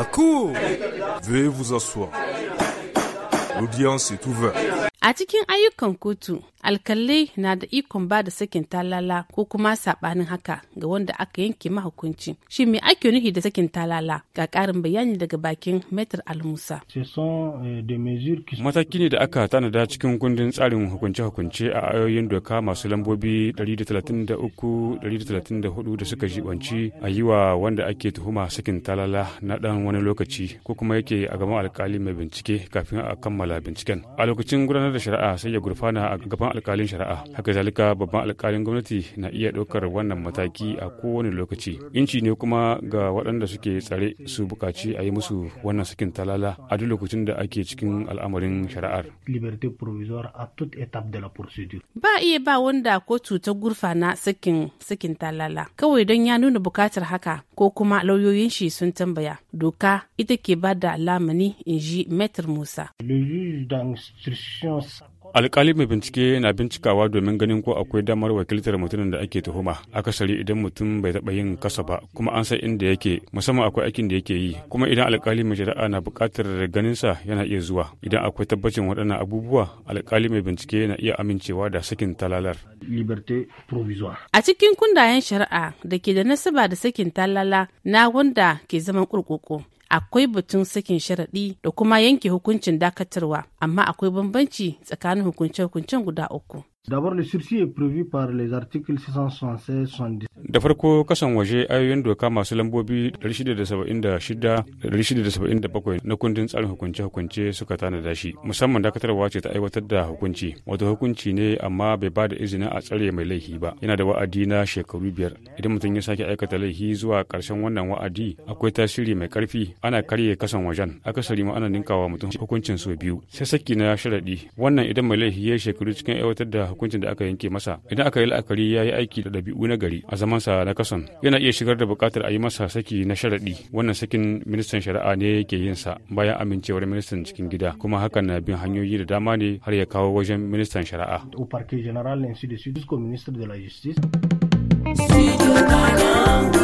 À Cour Veuillez vous asseoir. L'audience est ouverte. A cikin ayyukan kotu, alkalai na da ikon ba da sakin talala ko kuma saɓanin haka ga wanda aka yanke mahukunci. Shi me ake nufi da sakin talala ga ƙarin bayani daga bakin Metar Almusa. Eh, Mataki ne da aka tanada cikin kundin tsarin hukunce-hukunce a ayoyin doka masu lambobi 133, 134 da suka jibanci a yi wa wanda ake tuhuma sakin talala na ɗan wani lokaci ko kuma yake a gaban alkali mai bincike kafin a kammala binciken. A lokacin gudanar gudanar da shari'a sai ya gurfana a gaban alkalin shari'a haka zalika babban alkalin gwamnati na iya ɗaukar wannan mataki a kowane lokaci inci ne kuma ga waɗanda suke tsare su bukaci a yi musu wannan sakin talala a duk lokacin da ake cikin al'amarin shari'ar ba iya ba wanda kotu ta gurfana sakin sakin talala kawai don ya nuna bukatar haka ko kuma lauyoyin shi sun tambaya doka ita ke ba da lamani in ji metr musa alkali mai bincike na bincikawa domin ganin ko akwai damar wakiltar mutumin da ake tuhuma akasari idan mutum bai taɓa yin kasa ba kuma an san inda yake musamman akwai aikin da yake yi kuma idan alkali mai shari'a na buƙatar ganinsa yana iya zuwa idan akwai tabbacin waɗannan abubuwa alkali mai bincike na iya amincewa da sakin talalar a cikin kundayen shari'a da ke da nasaba da sakin talala na wanda ke zaman kurkuku akwai batun sakin sharaɗi da kuma yanke hukuncin dakatarwa amma akwai bambanci tsakanin hukunce-hukuncen guda uku D'abord, le sursis est prévu par les articles 676 70 Da farko kasan waje ayoyin doka masu lambobi 676-677 na kundin tsarin hukunce-hukunce suka tanada shi, musamman dakatarwa ce ta aiwatar da hukunci. Wato hukunci ne amma bai ba da izini a tsare mai laifi ba. Yana da wa'adi na shekaru biyar. Idan mutum ya sake aikata laifi zuwa ƙarshen wannan wa'adi, akwai tasiri mai ƙarfi. Ana karye kasan wajen. Akasari ma ana ninkawa mutum hukuncin sau biyu. Sai saki na sharaɗi. Wannan idan mai laifi ya shekaru cikin aiwatar da hukuncin da aka yanke masa idan aka yi la'akari ya yi aiki da ɗabi'u na gari a zamansa na kason yana iya shigar da buƙatar a yi masa saki na sharaɗi wannan sakin ministan shari'a ne yake yin sa bayan amincewar ministan cikin gida kuma hakan na bin hanyoyi da dama ne har ya kawo wajen ministan shari'a. Studio Ghana.